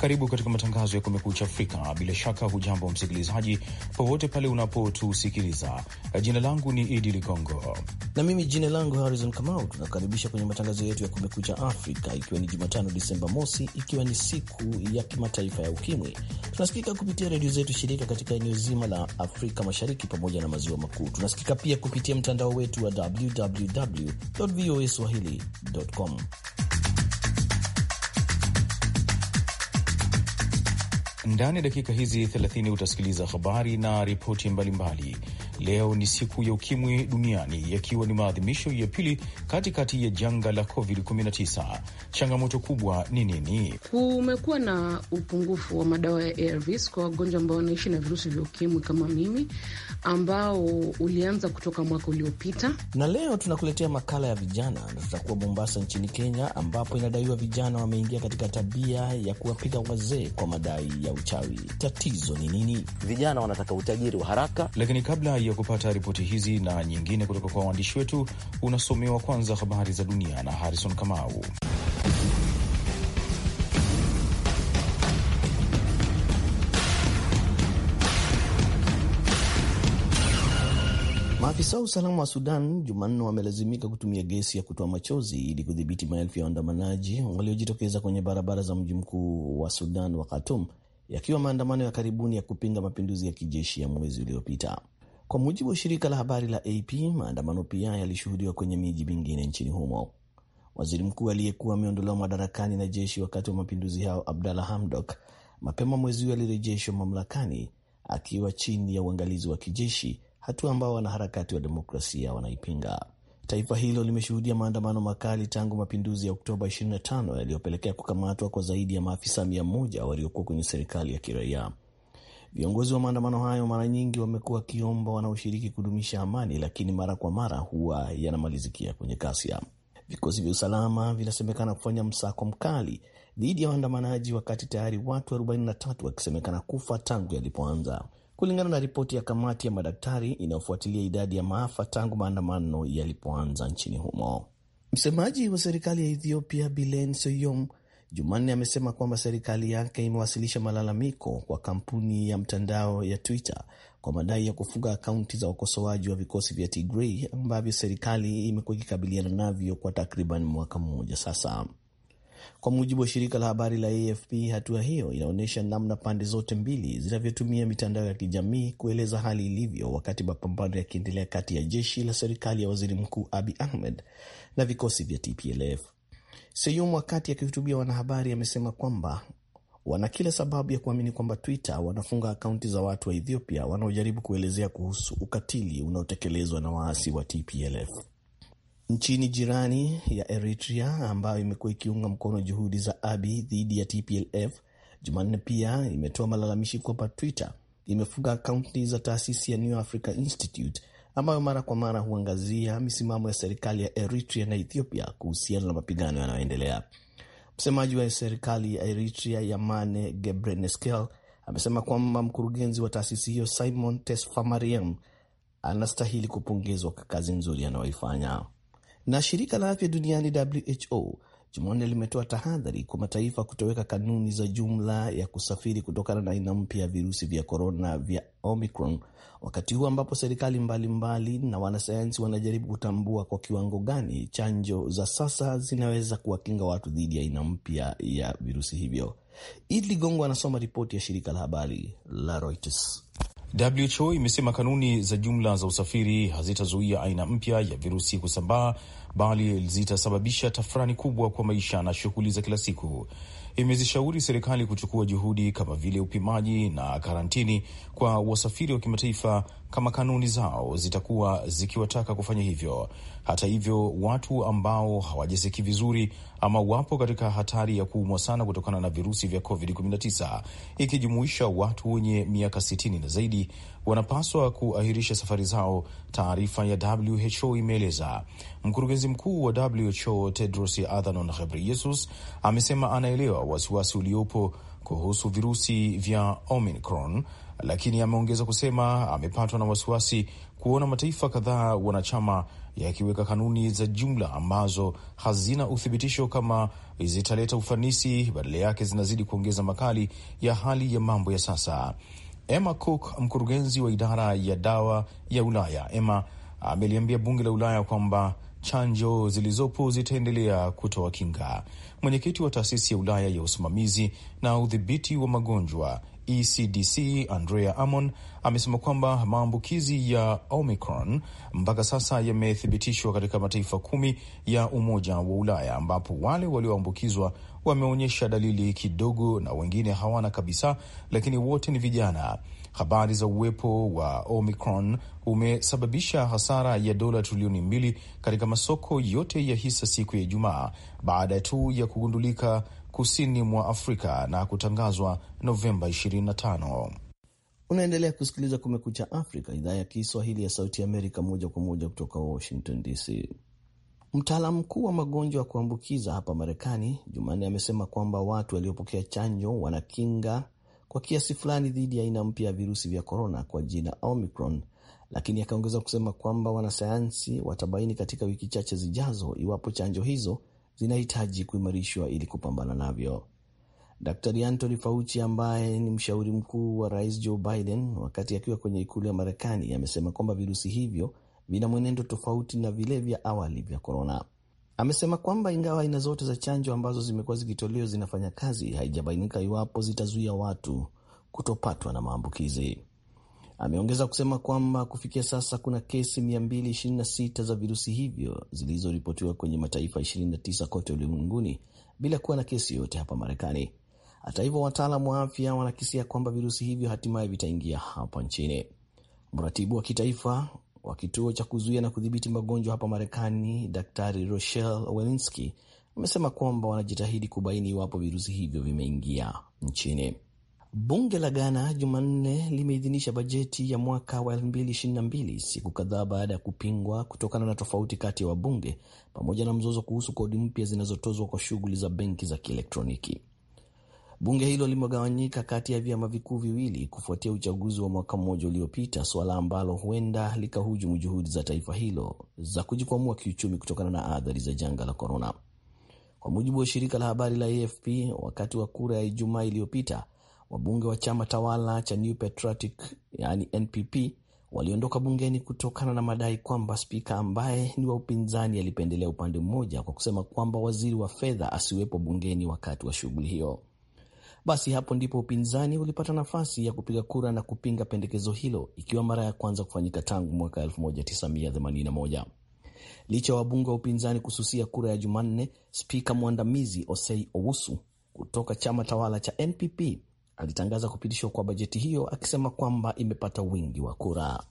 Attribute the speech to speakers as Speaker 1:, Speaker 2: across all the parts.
Speaker 1: Karibu katika matangazo ya Kumekucha Afrika. Bila shaka, hujambo msikilizaji, popote pale unapotusikiliza. Jina langu ni Idi Ligongo na mimi jina
Speaker 2: langu Harrison Kamau. Tunakaribisha kwenye matangazo yetu ya Kumekucha Afrika, ikiwa ni Jumatano Disemba mosi, ikiwa ni siku ya kimataifa ya Ukimwi. Tunasikika kupitia redio zetu shirika katika eneo zima la Afrika Mashariki pamoja na maziwa makuu. Tunasikika pia kupitia mtandao wetu wa www voa swahili.com.
Speaker 1: Ndani ya dakika hizi 30 utasikiliza habari na ripoti mbalimbali Leo ni siku ya ukimwi duniani, yakiwa ni maadhimisho ya pili katikati ya janga la COVID-19. Changamoto kubwa ni nini?
Speaker 3: Kumekuwa na upungufu wa madawa ya ARVs kwa wagonjwa ambao wanaishi na virusi vya ukimwi kama mimi, ambao ulianza kutoka mwaka uliopita.
Speaker 2: Na leo tunakuletea makala ya vijana na tutakuwa Mombasa nchini Kenya, ambapo inadaiwa vijana wameingia katika tabia ya kuwapiga wazee kwa
Speaker 1: madai ya uchawi. Tatizo ni nini?
Speaker 4: Vijana wanataka utajiri wa haraka, lakini kabla ya
Speaker 1: kupata ripoti hizi na nyingine kutoka kwa waandishi wetu, unasomewa kwanza habari za dunia na Harrison Kamau.
Speaker 2: Maafisa wa usalama wa Sudan Jumanne wamelazimika kutumia gesi ya kutoa machozi ili kudhibiti maelfu ya waandamanaji waliojitokeza kwenye barabara za mji mkuu wa Sudan wa Khartoum, yakiwa maandamano ya karibuni ya kupinga mapinduzi ya kijeshi ya mwezi uliopita. Kwa mujibu wa shirika la habari la AP, maandamano pia yalishuhudiwa kwenye miji mingine nchini humo. Waziri mkuu aliyekuwa ameondolewa madarakani na jeshi wakati wa mapinduzi hayo, Abdalla Hamdok, mapema mwezi huu alirejeshwa mamlakani akiwa chini ya uangalizi wa kijeshi, hatua ambao wanaharakati wa demokrasia wanaipinga. Taifa hilo limeshuhudia maandamano makali tangu mapinduzi ya Oktoba 25 yaliyopelekea kukamatwa kwa zaidi ya maafisa mia moja waliokuwa kwenye serikali ya kiraia. Viongozi wa maandamano hayo mara nyingi wamekuwa wakiomba wanaoshiriki kudumisha amani, lakini mara kwa mara huwa yanamalizikia kwenye ghasia. Vikosi vya usalama vinasemekana kufanya msako mkali dhidi ya waandamanaji, wakati tayari watu 43 wakisemekana kufa tangu yalipoanza, kulingana na ripoti ya kamati ya madaktari inayofuatilia idadi ya maafa tangu maandamano yalipoanza nchini humo. Msemaji wa serikali ya Ethiopia Bilen Soyom Jumanne amesema kwamba serikali yake imewasilisha malalamiko kwa kampuni ya mtandao ya Twitter kwa madai ya kufunga akaunti za wakosoaji wa vikosi vya Tigray ambavyo serikali imekuwa ikikabiliana navyo kwa takriban mwaka mmoja sasa. Kwa mujibu wa shirika la habari la AFP, hatua hiyo inaonyesha namna pande zote mbili zinavyotumia mitandao ya kijamii kueleza hali ilivyo, wakati mapambano yakiendelea kati ya jeshi la serikali ya waziri mkuu Abiy Ahmed na vikosi vya TPLF. Seyum wakati akihutubia wanahabari amesema kwamba wana kila sababu ya kuamini kwamba Twitter wanafunga akaunti za watu wa Ethiopia wanaojaribu kuelezea kuhusu ukatili unaotekelezwa na waasi wa TPLF nchini jirani ya Eritrea ambayo imekuwa ikiunga mkono juhudi za Abiy dhidi ya TPLF. Jumanne pia imetoa malalamishi kwamba Twitter imefunga akaunti za taasisi ya New Africa Institute ambayo mara kwa mara huangazia misimamo ya serikali ya Eritrea na Ethiopia kuhusiana na mapigano yanayoendelea. Msemaji wa serikali ya Eritrea Yamane Gebreneskel amesema kwamba mkurugenzi wa taasisi hiyo Simon Tesfamariam anastahili kupongezwa kwa kazi nzuri anayoifanya. Na shirika la afya duniani WHO Jumanne limetoa tahadhari kwa mataifa kutoweka kanuni za jumla ya kusafiri kutokana na aina mpya ya virusi vya korona vya Omicron, wakati huu ambapo serikali mbalimbali mbali na wanasayansi wanajaribu kutambua kwa kiwango gani chanjo za sasa zinaweza kuwakinga watu dhidi ya aina mpya ya virusi hivyo. Idli Gongo anasoma
Speaker 1: ripoti ya shirika la habari la Reuters. WHO imesema kanuni za jumla za usafiri hazitazuia aina mpya ya virusi kusambaa bali zitasababisha tafrani kubwa kwa maisha na shughuli za kila siku. Imezishauri serikali kuchukua juhudi kama vile upimaji na karantini kwa wasafiri wa kimataifa kama kanuni zao zitakuwa zikiwataka kufanya hivyo. Hata hivyo, watu ambao hawajisikii vizuri ama wapo katika hatari ya kuumwa sana kutokana na virusi vya COVID-19 ikijumuisha watu wenye miaka 60 na zaidi wanapaswa kuahirisha safari zao, taarifa ya WHO imeeleza. Mkurugenzi mkuu wa WHO Tedros Adhanom Ghebreyesus amesema anaelewa wasiwasi uliopo kuhusu virusi vya Omicron lakini ameongeza kusema amepatwa na wasiwasi kuona mataifa kadhaa wanachama yakiweka kanuni za jumla ambazo hazina uthibitisho kama zitaleta ufanisi, badala yake zinazidi kuongeza makali ya hali ya mambo ya sasa. Emma Cook, mkurugenzi wa idara ya dawa ya Ulaya, Emma ameliambia bunge la Ulaya kwamba chanjo zilizopo zitaendelea kutoa kinga. Mwenyekiti wa taasisi ya Ulaya ya usimamizi na udhibiti wa magonjwa ECDC Andrea amon amesema kwamba maambukizi ya Omicron mpaka sasa yamethibitishwa katika mataifa kumi ya Umoja wa Ulaya, ambapo wale walioambukizwa wameonyesha dalili kidogo na wengine hawana kabisa, lakini wote ni vijana. Habari za uwepo wa Omicron umesababisha hasara ya dola trilioni mbili katika masoko yote ya hisa siku ya Ijumaa baada tu ya kugundulika kusini mwa Afrika na kutangazwa Novemba 25. Unaendelea kusikiliza Kumekucha Afrika, idhaa ya Kiswahili ya
Speaker 2: Sauti Amerika, moja kwa moja kutoka Washington DC. Mtaalam mkuu wa magonjwa ya kuambukiza hapa Marekani Jumanne amesema kwamba watu waliopokea chanjo wanakinga kwa kiasi fulani dhidi ya aina mpya ya virusi vya korona kwa jina Omicron, lakini akaongeza kusema kwamba wanasayansi watabaini katika wiki chache zijazo iwapo chanjo hizo zinahitaji kuimarishwa ili kupambana navyo. Daktari Anthony Fauci ambaye ni mshauri mkuu wa rais Joe Biden wakati akiwa kwenye ikulu ya Marekani amesema kwamba virusi hivyo vina mwenendo tofauti na vile vya awali vya korona. Amesema kwamba ingawa aina zote za chanjo ambazo zimekuwa zikitolewa zinafanya kazi, haijabainika iwapo zitazuia watu kutopatwa na maambukizi. Ameongeza kusema kwamba kufikia sasa kuna kesi 226 za virusi hivyo zilizoripotiwa kwenye mataifa 29 kote ulimwenguni bila kuwa na kesi yoyote hapa Marekani. Hata hivyo, wataalam wa afya wanakisia kwamba virusi hivyo hatimaye vitaingia hapa nchini. Mratibu wa kitaifa wa kituo cha kuzuia na kudhibiti magonjwa hapa Marekani, Daktari Rochelle Walensky amesema kwamba wanajitahidi kubaini iwapo virusi hivyo vimeingia nchini. Bunge la Ghana Jumanne limeidhinisha bajeti ya mwaka wa 2022 siku kadhaa baada ya kupingwa kutokana na tofauti kati ya wabunge pamoja na mzozo kuhusu kodi mpya zinazotozwa kwa shughuli za benki za kielektroniki. Bunge hilo limegawanyika kati ya vyama vikuu viwili kufuatia uchaguzi wa mwaka mmoja uliopita, suala ambalo huenda likahujumu juhudi za taifa hilo za kujikwamua kiuchumi kutokana na athari za janga la korona. Kwa mujibu wa shirika la habari la AFP, wakati wa kura ya Ijumaa iliyopita Wabunge wa chama tawala cha New Patriotic yani NPP waliondoka bungeni kutokana na madai kwamba spika ambaye ni wa upinzani alipendelea upande mmoja kwa kusema kwamba waziri wa fedha asiwepo bungeni wakati wa shughuli hiyo. Basi hapo ndipo upinzani ulipata nafasi ya kupiga kura na kupinga pendekezo hilo, ikiwa mara ya kwanza kufanyika tangu mwaka 1981. Licha ya wabunge wa upinzani kususia kura ya Jumanne, spika mwandamizi Osei Owusu kutoka chama tawala cha NPP alitangaza kupitishwa kwa bajeti hiyo akisema kwamba imepata wingi wa kura.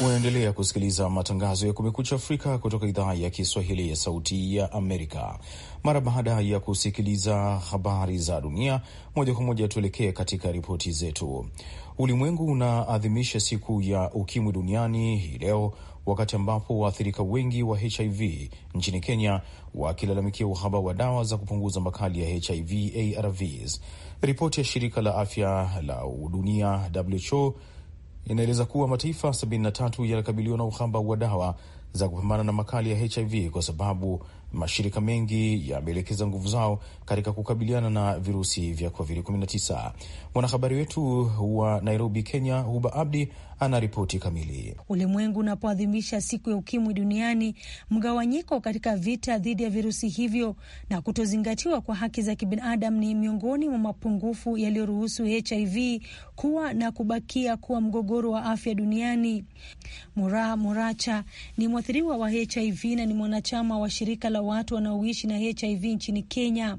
Speaker 1: Unaendelea kusikiliza matangazo ya Kumekucha Afrika kutoka idhaa ya Kiswahili ya Sauti ya Amerika. Mara baada ya kusikiliza habari za dunia moja kwa moja, tuelekee katika ripoti zetu. Ulimwengu unaadhimisha siku ya ukimwi duniani hii leo, wakati ambapo waathirika wengi wa HIV nchini Kenya wakilalamikia uhaba wa dawa za kupunguza makali ya HIV ARVs. Ripoti ya shirika la afya la dunia WHO inaeleza kuwa mataifa 73 yanakabiliwa na uhaba wa dawa za kupambana na makali ya HIV kwa sababu mashirika mengi yameelekeza nguvu zao katika kukabiliana na virusi vya COVID-19. Mwanahabari wetu wa Nairobi, Kenya, Huba Abdi ana ripoti kamili.
Speaker 3: Ulimwengu unapoadhimisha siku ya ukimwi duniani, mgawanyiko katika vita dhidi ya virusi hivyo na kutozingatiwa kwa haki za kibinadamu ni miongoni mwa mapungufu yaliyoruhusu HIV kuwa na kubakia kuwa mgogoro wa afya duniani. Mura Muracha ni mwathiriwa wa HIV na ni mwanachama wa shirika la watu wanaoishi na HIV nchini Kenya.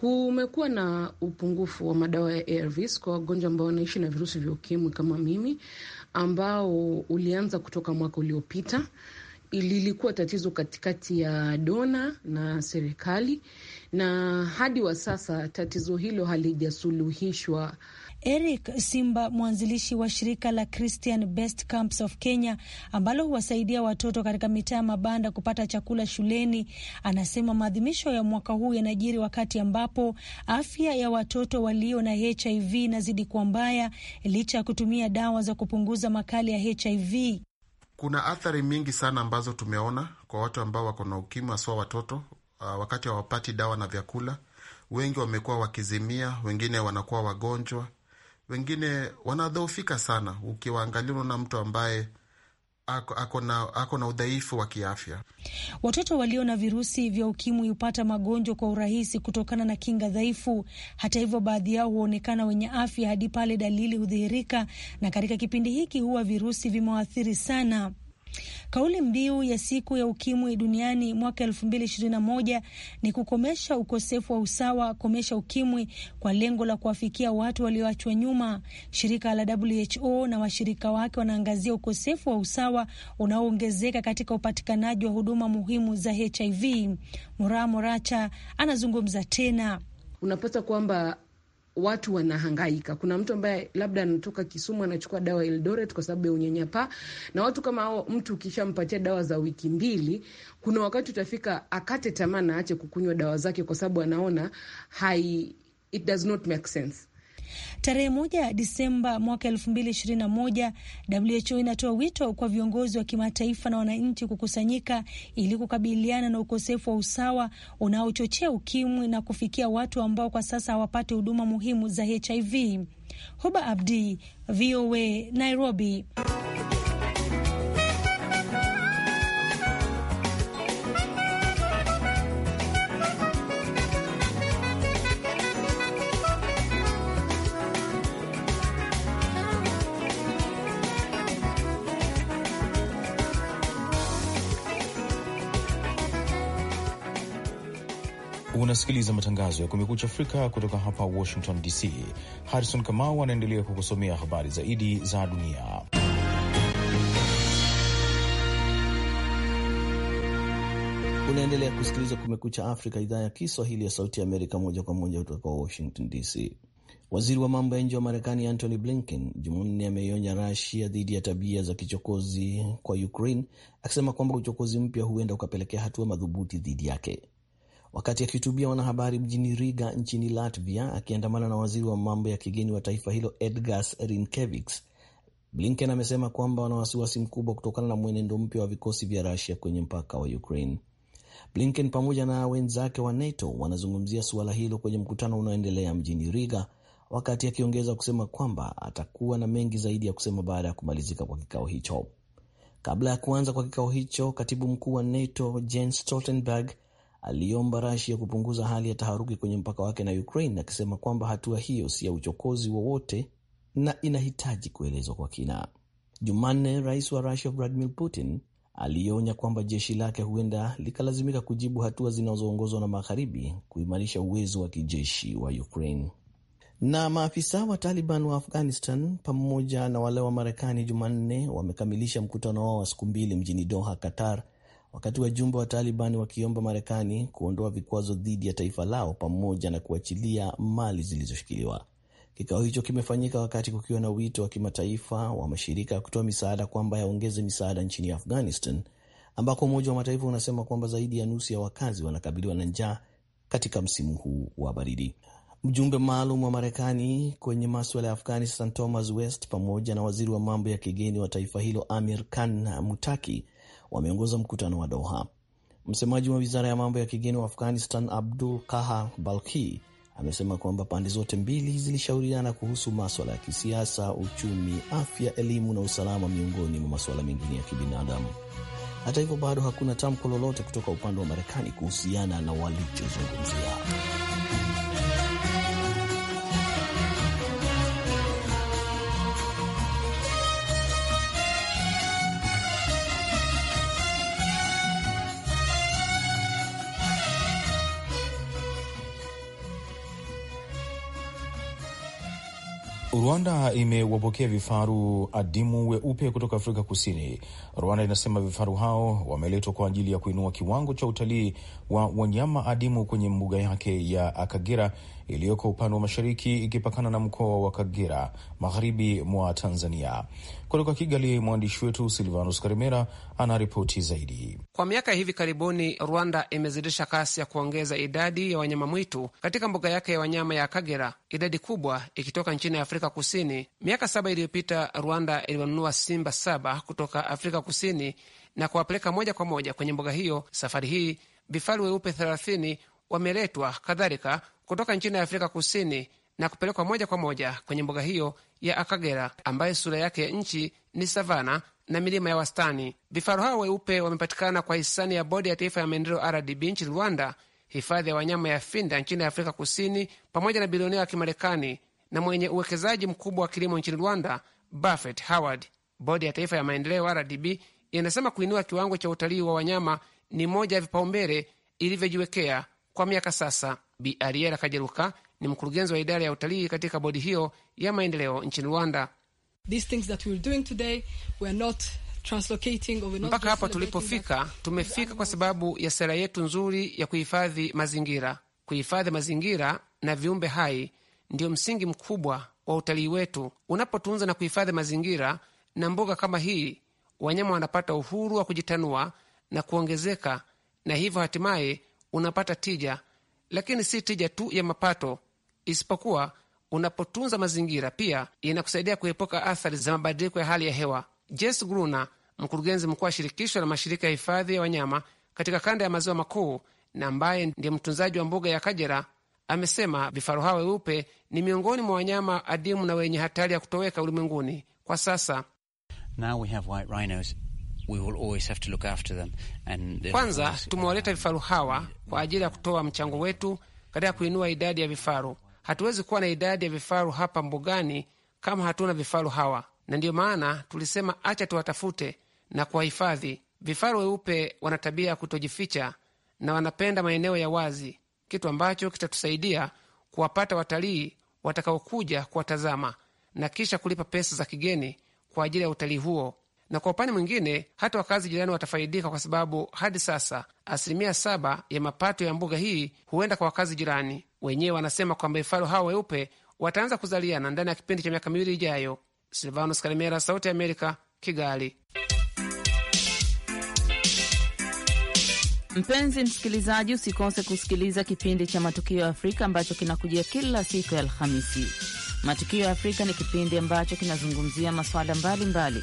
Speaker 3: Kumekuwa na upungufu wa madawa ya ARVs kwa wagonjwa ambao wanaishi na virusi vya ukimwi kama mimi, ambao ulianza kutoka mwaka uliopita. Lilikuwa tatizo katikati ya dona na serikali, na hadi wa sasa tatizo hilo halijasuluhishwa Eric Simba, mwanzilishi wa shirika la Christian Best Camps of Kenya ambalo huwasaidia watoto katika mitaa ya mabanda kupata chakula shuleni, anasema maadhimisho ya mwaka huu yanajiri wakati ambapo afya ya watoto walio na HIV inazidi kuwa mbaya licha ya kutumia dawa za kupunguza makali ya HIV.
Speaker 5: Kuna athari mingi sana ambazo tumeona kwa watu ambao wako na ukimwi, haswa watoto. Uh, wakati hawapati dawa na vyakula, wengi wamekuwa wakizimia, wengine wanakuwa wagonjwa wengine wanadhoofika sana, ukiwaangalia unaona mtu ambaye ako, ako na, ako na udhaifu wa kiafya.
Speaker 3: Watoto walio na virusi vya ukimwi hupata magonjwa kwa urahisi kutokana na kinga dhaifu. Hata hivyo, baadhi yao huonekana wenye afya hadi pale dalili hudhihirika, na katika kipindi hiki huwa virusi vimewaathiri sana. Kauli mbiu ya siku ya ukimwi duniani mwaka elfu mbili ishirini na moja ni kukomesha ukosefu wa usawa, komesha ukimwi, kwa lengo la kuwafikia watu walioachwa nyuma. Shirika la WHO na washirika wake wanaangazia ukosefu wa usawa unaoongezeka katika upatikanaji wa huduma muhimu za HIV. Mura Moracha anazungumza tena. Unapata kwamba watu wanahangaika. Kuna mtu ambaye labda anatoka Kisumu anachukua dawa Eldoret kwa sababu ya unyanyapaa, na watu kama hao, mtu ukishampatia dawa za wiki mbili, kuna wakati utafika akate tamaa na aache kukunywa dawa zake kwa sababu anaona hai, it does not make sense Tarehe moja Disemba mwaka elfu mbili ishirini na moja, WHO inatoa wito kwa viongozi wa kimataifa na wananchi kukusanyika ili kukabiliana na ukosefu wa usawa unaochochea ukimwi na kufikia watu ambao kwa sasa hawapati huduma muhimu za HIV. Huba Abdi, VOA, Nairobi.
Speaker 1: Unasikiliza matangazo ya Kumekucha Afrika kutoka hapa Washington DC. Harrison Kamau anaendelea kukusomea habari zaidi za dunia.
Speaker 2: Unaendelea kusikiliza Kumekucha Afrika, idhaa ya Kiswahili ya Sauti ya Amerika, moja kwa moja kutoka Washington DC. Waziri wa mambo ya nje wa Marekani Antony Blinken Jumanne ameionya Rasia dhidi ya tabia za kichokozi kwa Ukraine, akisema kwamba uchokozi mpya huenda ukapelekea hatua madhubuti dhidi yake wakati akihutubia wanahabari mjini Riga nchini Latvia akiandamana na waziri wa mambo ya kigeni wa taifa hilo Edgars Rinkevics. Blinken amesema kwamba wana wasiwasi mkubwa kutokana na mwenendo mpya wa vikosi vya Rusia kwenye mpaka wa Ukraine. Blinken pamoja na wenzake wa NATO wanazungumzia suala hilo kwenye mkutano unaoendelea mjini Riga, wakati akiongeza kusema kwamba atakuwa na mengi zaidi ya kusema baada ya kumalizika kwa kikao hicho. Kabla ya kuanza kwa kikao hicho, katibu mkuu wa NATO Jens Stoltenberg aliomba rasia kupunguza hali ya taharuki kwenye mpaka wake na Ukraine, akisema kwamba hatua hiyo si ya uchokozi wowote na inahitaji kuelezwa kwa kina. Jumanne, rais wa rasia Vladimir Putin alionya kwamba jeshi lake huenda likalazimika kujibu hatua zinazoongozwa na magharibi kuimarisha uwezo wa kijeshi wa Ukraine. Na maafisa wa Taliban wa Afghanistan pamoja na wale wa Marekani Jumanne wamekamilisha mkutano wao wa siku mbili mjini Doha, Qatar, wakati wajumbe wa Taliban wakiomba Marekani kuondoa vikwazo dhidi ya taifa lao pamoja na kuachilia mali zilizoshikiliwa. Kikao hicho kimefanyika wakati kukiwa na wito wa kimataifa wa mashirika ya kutoa misaada kwamba yaongeze misaada nchini Afghanistan, ambako Umoja wa Mataifa unasema kwamba zaidi ya nusu ya wakazi wanakabiliwa na njaa katika msimu huu wa baridi. Mjumbe maalum wa Marekani kwenye maswala ya Afghanistan Thomas West pamoja na waziri wa mambo ya kigeni wa taifa hilo Amir Khan Mutaki wameongoza mkutano wa Doha. Msemaji wa wizara ya mambo ya kigeni wa Afghanistan, Abdul Kaha Balki, amesema kwamba pande zote mbili zilishauriana kuhusu maswala ya kisiasa, uchumi, afya, elimu na usalama, miongoni mwa masuala mengine ya kibinadamu. Hata hivyo, bado hakuna tamko lolote kutoka upande wa Marekani kuhusiana na walichozungumzia.
Speaker 1: Rwanda imewapokea vifaru adimu weupe kutoka Afrika Kusini. Rwanda inasema vifaru hao wameletwa kwa ajili ya kuinua kiwango cha utalii wa wanyama adimu kwenye mbuga yake ya Akagera iliyoko upande wa mashariki ikipakana na mkoa wa Kagera, magharibi mwa Tanzania. Kutoka Kigali, mwandishi wetu Silvanus Karimera anaripoti zaidi.
Speaker 6: Kwa miaka hivi karibuni, Rwanda imezidisha kasi ya kuongeza idadi ya wanyama mwitu katika mbuga yake ya wanyama ya Kagera, idadi kubwa ikitoka nchini Afrika Kusini. Miaka saba iliyopita, Rwanda iliwanunua simba saba kutoka Afrika Kusini na kuwapeleka moja kwa moja kwenye mbuga hiyo. Safari hii vifaru weupe 30 wameletwa, kadhalika kutoka nchini Afrika Kusini na kupelekwa moja kwa moja kwenye mbuga hiyo ya Akagera ambayo sura yake ya nchi ni savana na milima ya wastani. Vifaru hao weupe wamepatikana kwa hisani ya Bodi ya Taifa ya Maendeleo RDB nchini Rwanda, hifadhi ya wanyama ya Finda nchini Afrika Kusini, pamoja na bilionea wa Kimarekani na mwenye uwekezaji mkubwa wa kilimo nchini Rwanda, Buffett Howard. Bodi ya Taifa ya Maendeleo RDB inasema kuinua kiwango cha utalii wa wanyama ni moja ya vipaumbele ilivyojiwekea kwa miaka sasa. Bi Kajeruka ni mkurugenzi wa idara ya utalii katika bodi hiyo ya maendeleo nchini Rwanda. Mpaka hapa tulipofika, tumefika kwa sababu ya sera yetu nzuri ya kuhifadhi mazingira. Kuhifadhi mazingira na viumbe hai ndiyo msingi mkubwa wa utalii wetu. Unapotunza na kuhifadhi mazingira na mbuga kama hii, wanyama wanapata uhuru wa kujitanua na kuongezeka, na hivyo hatimaye unapata tija lakini si tija tu ya mapato, isipokuwa unapotunza mazingira pia inakusaidia kuepuka athari za mabadiliko ya hali ya hewa. Jess gruna mkurugenzi mkuu wa shirikisho la mashirika ya hifadhi ya wanyama katika kanda ya maziwa makuu na ambaye ndiye mtunzaji wa mbuga ya Kajera, amesema vifaru hawa weupe ni miongoni mwa wanyama adimu na wenye hatari ya kutoweka ulimwenguni kwa sasa. Now we have white rhinos. Kwanza tumewaleta vifaru hawa kwa ajili ya kutoa mchango wetu katika kuinua idadi ya vifaru. Hatuwezi kuwa na idadi ya vifaru hapa mbugani kama hatuna vifaru hawa, na ndiyo maana tulisema acha tuwatafute na kuwahifadhi. Vifaru weupe wana tabia ya kutojificha na wanapenda maeneo ya wazi, kitu ambacho kitatusaidia kuwapata watalii watakaokuja kuwatazama na kisha kulipa pesa za kigeni kwa ajili ya utalii huo na kwa upande mwingine hata wakazi jirani watafaidika, kwa sababu hadi sasa asilimia saba ya mapato ya mbuga hii huenda kwa wakazi jirani. Wenyewe wanasema kwamba vifaru hawa weupe wataanza kuzaliana ndani ya kipindi cha miaka miwili ijayo. Silvanus Kalemera, Sauti ya Amerika, Kigali. Mpenzi msikilizaji, usikose kusikiliza kipindi cha Matukio ya Afrika ambacho
Speaker 7: kinakujia kila siku ya Alhamisi. Matukio ya Afrika ni kipindi ambacho kinazungumzia masuala mbalimbali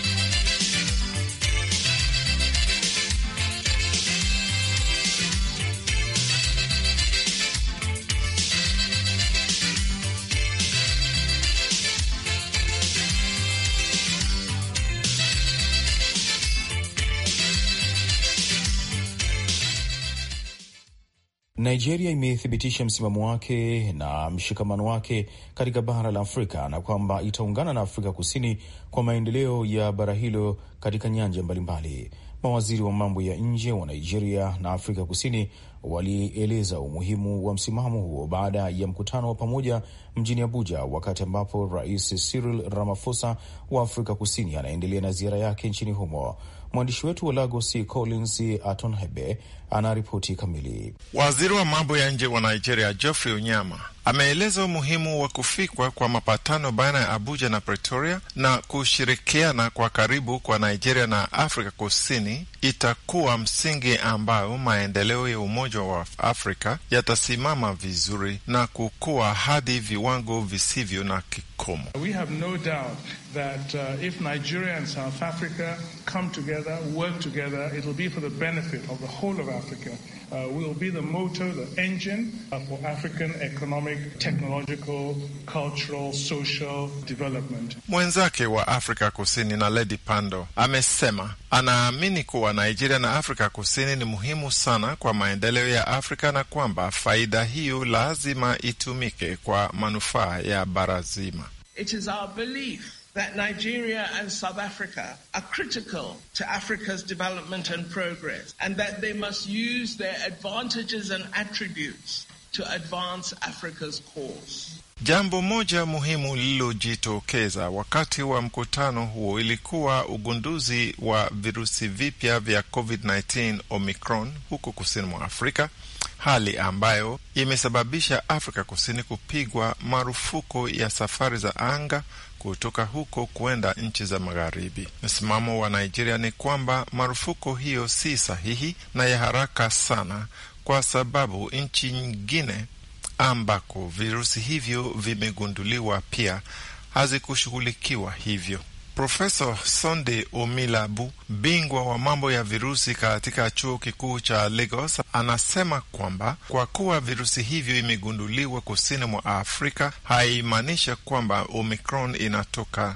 Speaker 1: Nigeria imethibitisha msimamo wake na mshikamano wake katika bara la Afrika na kwamba itaungana na Afrika Kusini kwa maendeleo ya bara hilo katika nyanja mbalimbali. Mawaziri wa mambo ya nje wa Nigeria na Afrika Kusini walieleza umuhimu wa msimamo huo baada ya mkutano wa pamoja mjini Abuja, wakati ambapo Rais Cyril Ramaphosa wa Afrika Kusini anaendelea na ziara yake nchini humo. Mwandishi wetu wa Lagos Collins Atonhebe anaripoti kamili.
Speaker 5: Waziri wa mambo ya nje wa Nigeria Geoffrey Onyama ameeleza umuhimu wa kufikwa kwa mapatano baina ya Abuja na Pretoria na kushirikiana kwa karibu kwa Nigeria na Afrika Kusini itakuwa msingi ambayo maendeleo ya Umoja wa Afrika yatasimama vizuri na kukua hadi viwango visivyo na kikomo.
Speaker 1: We have no doubt that uh, if Nigeria and South Africa come together, work together, it'll be for the benefit of the whole of Africa. Uh, be the motor, the engine uh, for African economic economic, technological, cultural, social development.
Speaker 5: Mwenzake wa Afrika Kusini na Naledi pando amesema anaamini kuwa Nigeria na Afrika Kusini ni muhimu sana kwa maendeleo ya Afrika na kwamba faida hiyo lazima itumike kwa manufaa ya bara zima.
Speaker 1: It is our belief that Nigeria and South Africa are critical to Africa's development and progress,
Speaker 2: and that they must use their advantages and attributes to advance
Speaker 1: Africa's cause.
Speaker 5: Jambo moja muhimu lililojitokeza wakati wa mkutano huo ilikuwa ugunduzi wa virusi vipya vya COVID-19 Omicron huko kusini mwa Afrika, hali ambayo imesababisha Afrika Kusini kupigwa marufuku ya safari za anga kutoka huko kwenda nchi za magharibi. Msimamo wa Nigeria ni kwamba marufuku hiyo si sahihi na ya haraka sana, kwa sababu nchi nyingine ambako virusi hivyo vimegunduliwa pia hazikushughulikiwa hivyo. profeso Sonde Omilabu, bingwa wa mambo ya virusi katika chuo kikuu cha Lagos, anasema kwamba kwa kuwa virusi hivyo imegunduliwa kusini mwa Afrika haimaanisha kwamba Omicron inatoka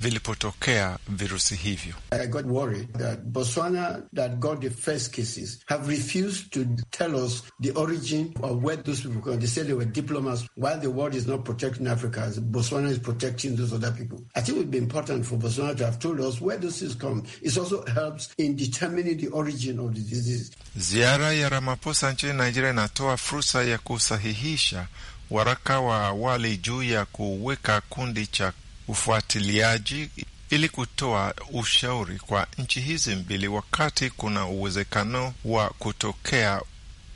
Speaker 5: vilipotokea virusi hivyo.
Speaker 6: I got worried that Botswana that got the first cases have refused to tell us the origin of where those people come. They said they were diplomats. While the world is not protecting Africa, Botswana is protecting those other people. I think it would be important for Botswana to have told us where those things come. It also helps in determining the origin of the disease.
Speaker 5: Ziara ya Ramaphosa nchini Nigeria inatoa fursa ya kusahihisha waraka wa awali juu ya kuweka kundi cha ufuatiliaji ili kutoa ushauri kwa nchi hizi mbili wakati kuna uwezekano wa kutokea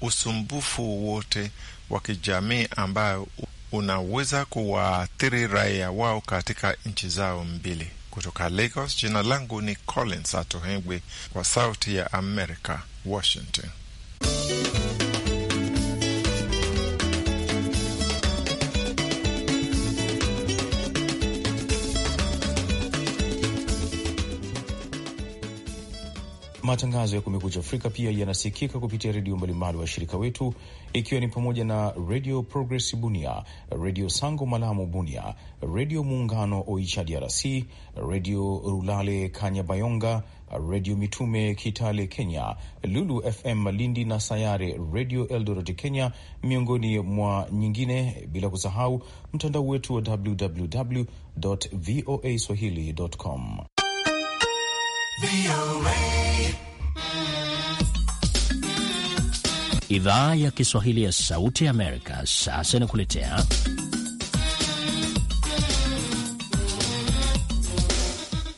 Speaker 5: usumbufu wote wa kijamii ambayo unaweza kuwaathiri raia wao katika nchi zao mbili. Kutoka Lagos, jina langu ni Collins Atohengwi, kwa Sauti ya america Washington.
Speaker 1: Matangazo ya Kumekucha Afrika pia yanasikika kupitia redio mbalimbali wa shirika wetu, ikiwa ni pamoja na Redio Progress Bunia, Redio Sango Malamu Bunia, Redio Muungano Oicha DRC, Redio Rulale Kanyabayonga, Redio Mitume Kitale Kenya, Lulu FM Malindi na Sayare Redio Eldoret Kenya, miongoni mwa nyingine, bila kusahau mtandao wetu wa www voa swahili.com.
Speaker 2: Idhaa ya Kiswahili ya Sauti ya Amerika sasa
Speaker 1: inakuletea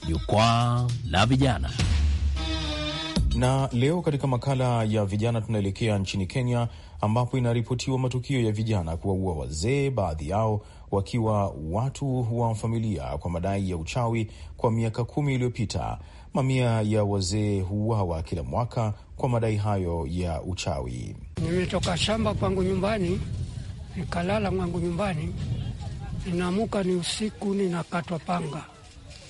Speaker 1: Jukwaa la Vijana, na leo katika makala ya vijana tunaelekea nchini Kenya ambapo inaripotiwa matukio ya vijana kuwaua wazee, baadhi yao wakiwa watu wa familia kwa madai ya uchawi kwa miaka kumi iliyopita. Mamia ya wazee huuawa kila mwaka kwa madai hayo ya uchawi.
Speaker 6: Nimetoka shamba kwangu nyumbani, nikalala mwangu nyumbani, ninaamuka ni usiku, ninakatwa panga,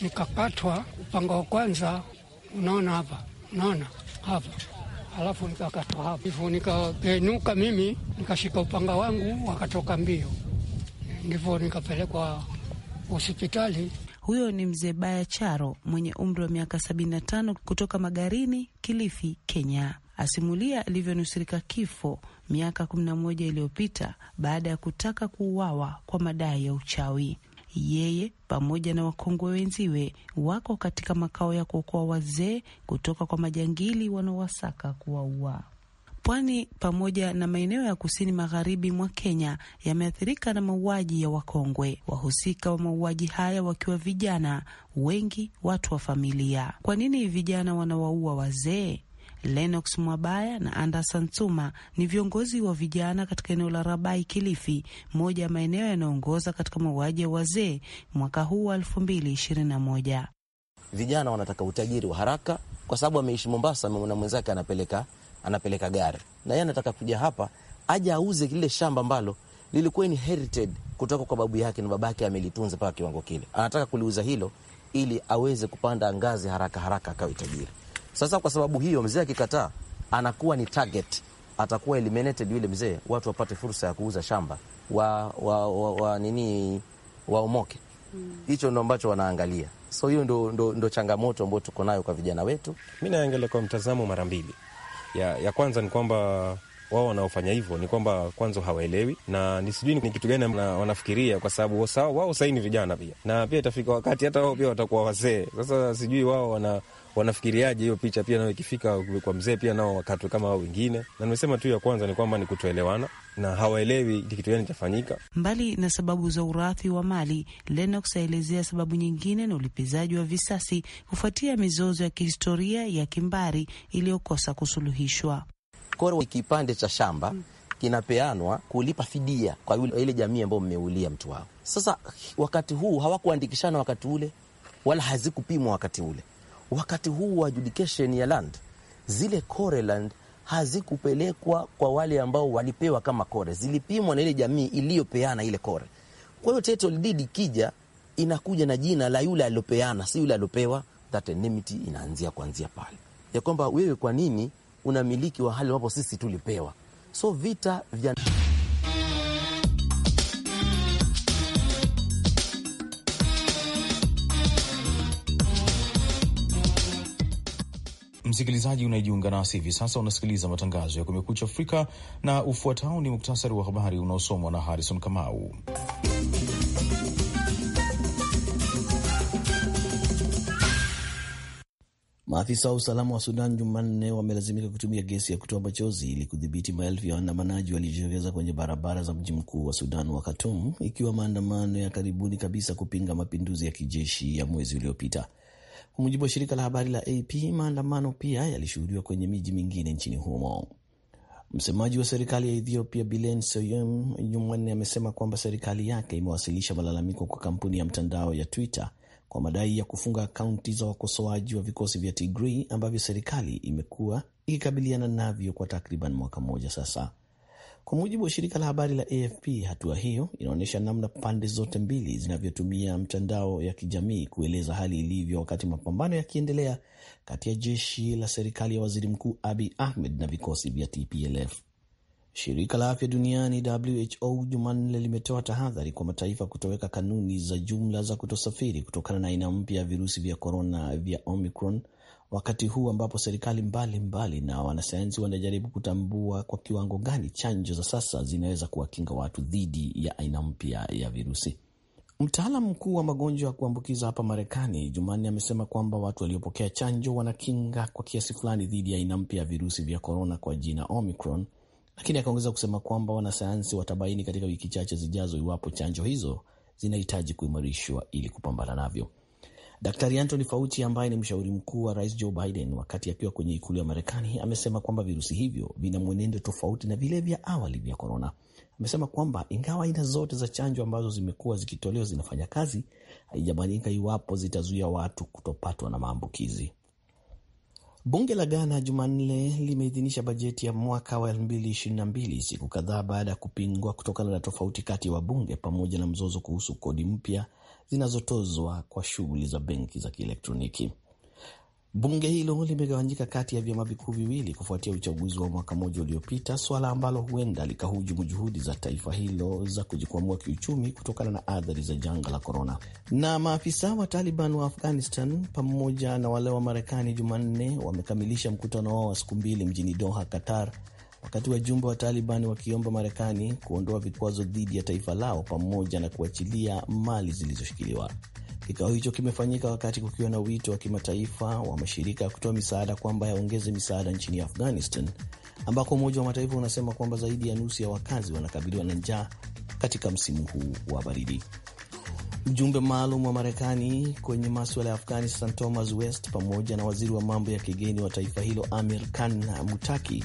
Speaker 6: nikakatwa upanga wa kwanza, unaona hapa, unaona hapa alafu nikakatwa hapo hivyo, nikapenuka mimi nikashika upanga wangu, wakatoka mbio, ndivyo nikapelekwa hospitali. Huyo ni mzee Baya
Speaker 7: Charo mwenye umri wa miaka 75 kutoka Magarini, Kilifi, Kenya. Asimulia alivyonusurika kifo miaka 11 iliyopita baada ya kutaka kuuawa kwa madai ya uchawi. Yeye pamoja na wakongwe wenziwe wako katika makao ya kuokoa wazee kutoka kwa majangili wanaowasaka kuwaua pwani pamoja na maeneo ya kusini magharibi mwa Kenya yameathirika na mauaji ya wakongwe, wahusika wa mauaji haya wakiwa vijana, wengi watu wa familia. Kwa nini vijana wanawaua wazee? Lennox Mwabaya na Anderson Tsuma ni viongozi wa vijana katika eneo la Rabai, Kilifi, moja ya maeneo yanayoongoza katika mauaji ya wazee mwaka huu wa elfu mbili ishirini na moja.
Speaker 4: Vijana wanataka utajiri wa haraka, kwa sababu ameishi Mombasa, ameona mwenzake anapeleka anapeleka gari, na yeye anataka kuja hapa aje auze lile shamba ambalo lilikuwa inherited kutoka kwa babu yake na baba yake amelitunza mpaka kiwango kile, anataka kuliuza hilo ili aweze kupanda ngazi haraka haraka akawe tajiri. Sasa kwa sababu hiyo, mzee akikataa anakuwa ni target, atakuwa eliminated yule mzee, watu wapate fursa ya kuuza shamba wa, wa, wa, wa nini waomoke. Hmm. Hicho ndo ambacho wanaangalia. So hiyo ndo, ndo, ndo changamoto ambayo tuko nayo kwa vijana wetu. Mi naangalia kwa mtazamo mara mbili ya, ya kwanza ni kwamba wao wanaofanya hivyo ni kwamba kwanza hawaelewi na ni sijui ni
Speaker 1: kitu gani wanafikiria, kwa sababu wao sahii ni vijana pia, na pia itafika wakati hata wao pia watakuwa wazee. Sasa sijui wao wana wanafikiriaje hiyo picha pia nao ikifika kwa mzee pia nao wakatwe kama hao wengine. Na nimesema tu ya kwanza ni kwamba ni kutoelewana na hawaelewi kitu gani chafanyika.
Speaker 7: Mbali na sababu za urathi wa mali, Lenox aelezea sababu nyingine na ulipizaji wa visasi kufuatia mizozo ya kihistoria ya kimbari iliyokosa kusuluhishwa.
Speaker 4: Kwa kipande cha shamba kinapeanwa kulipa fidia kwa yule ile jamii ambayo mmeulia mtu wao. Sasa wakati huu hawakuandikishana wakati ule, wala hazikupimwa wakati ule. Wakati huu wa adjudication ya land, zile core land hazikupelekwa kwa wale ambao walipewa kama kore, zilipimwa na ile jamii iliyopeana ile kore. Kwa hiyo title deed ikija inakuja na jina la yule alilopeana, si yule aliopewa. That enmity inaanzia kuanzia pale ya kwamba wewe, kwa nini unamiliki wa hali ambapo sisi tulipewa. So vita vya
Speaker 1: Msikilizaji unayejiunga nasi hivi sasa, unasikiliza matangazo ya Kumekucha Afrika, na ufuatao ni muktasari wa habari unaosomwa na Harrison Kamau.
Speaker 2: Maafisa wa usalama wa Sudan Jumanne wamelazimika kutumia gesi ya kutoa machozi ili kudhibiti maelfu ya waandamanaji waliojitokeza kwenye barabara za mji mkuu wa Sudan wa Khartoum, ikiwa maandamano ya karibuni kabisa kupinga mapinduzi ya kijeshi ya mwezi uliopita. Kwa mujibu wa shirika la habari la AP, maandamano pia yalishuhudiwa kwenye miji mingine nchini humo. Msemaji wa serikali ya Ethiopia Bilen Soyem Jumanne amesema kwamba serikali yake imewasilisha malalamiko kwa kampuni ya mtandao ya Twitter kwa madai ya kufunga akaunti za wakosoaji wa vikosi vya Tigray ambavyo serikali imekuwa ikikabiliana navyo kwa takriban mwaka mmoja sasa. Kwa mujibu wa shirika la habari la AFP, hatua hiyo inaonyesha namna pande zote mbili zinavyotumia mtandao ya kijamii kueleza hali ilivyo, wakati mapambano yakiendelea kati ya jeshi la serikali ya waziri mkuu Abiy Ahmed na vikosi vya TPLF. Shirika la Afya Duniani WHO Jumanne limetoa tahadhari kwa mataifa kutoweka kanuni za jumla za kutosafiri kutokana na aina mpya ya virusi vya korona vya Omicron, wakati huu ambapo serikali mbalimbali na wanasayansi wanajaribu kutambua kwa kiwango gani chanjo za sasa zinaweza kuwakinga watu dhidi ya aina mpya ya virusi. Mtaalamu mkuu wa magonjwa ya kuambukiza hapa Marekani Jumanne amesema kwamba watu waliopokea chanjo wanakinga kwa kiasi fulani dhidi ya aina mpya ya virusi vya korona kwa jina Omicron lakini akaongeza kusema kwamba wanasayansi watabaini katika wiki chache zijazo iwapo chanjo hizo zinahitaji kuimarishwa ili kupambana navyo. Daktari Anthony Fauci ambaye ni mshauri mkuu wa rais Joe Biden wakati akiwa kwenye ikulu ya Marekani amesema kwamba virusi hivyo vina mwenendo tofauti na vile vya awali vya korona. Amesema kwamba ingawa aina zote za chanjo ambazo zimekuwa zikitolewa zinafanya kazi, haijabainika iwapo zitazuia watu kutopatwa na maambukizi. Bunge la Ghana Jumanne limeidhinisha bajeti ya mwaka wa 2022 siku kadhaa baada ya kupingwa kutokana na tofauti kati ya wabunge pamoja na mzozo kuhusu kodi mpya zinazotozwa kwa shughuli za benki za kielektroniki. Bunge hilo limegawanyika kati ya vyama vikuu viwili kufuatia uchaguzi wa mwaka mmoja uliopita, suala ambalo huenda likahujumu juhudi za taifa hilo za kujikwamua kiuchumi kutokana na athari za janga la korona. Na maafisa wa Taliban wa Afghanistan pamoja na wale wa Marekani Jumanne wamekamilisha mkutano wao wa siku mbili mjini Doha, Qatar, wakati wajumbe wa Taliban wakiomba Marekani kuondoa vikwazo dhidi ya taifa lao pamoja na kuachilia mali zilizoshikiliwa. Kikao hicho kimefanyika wakati kukiwa na wito wa kimataifa wa mashirika ya kutoa misaada kwamba yaongeze misaada nchini Afghanistan, ambako Umoja wa Mataifa unasema kwamba zaidi ya nusu ya wakazi wanakabiliwa na njaa katika msimu huu wa baridi. Mjumbe maalum wa Marekani kwenye maswala ya Afghanistan Thomas West pamoja na waziri wa mambo ya kigeni wa taifa hilo Amir Khan Mutaki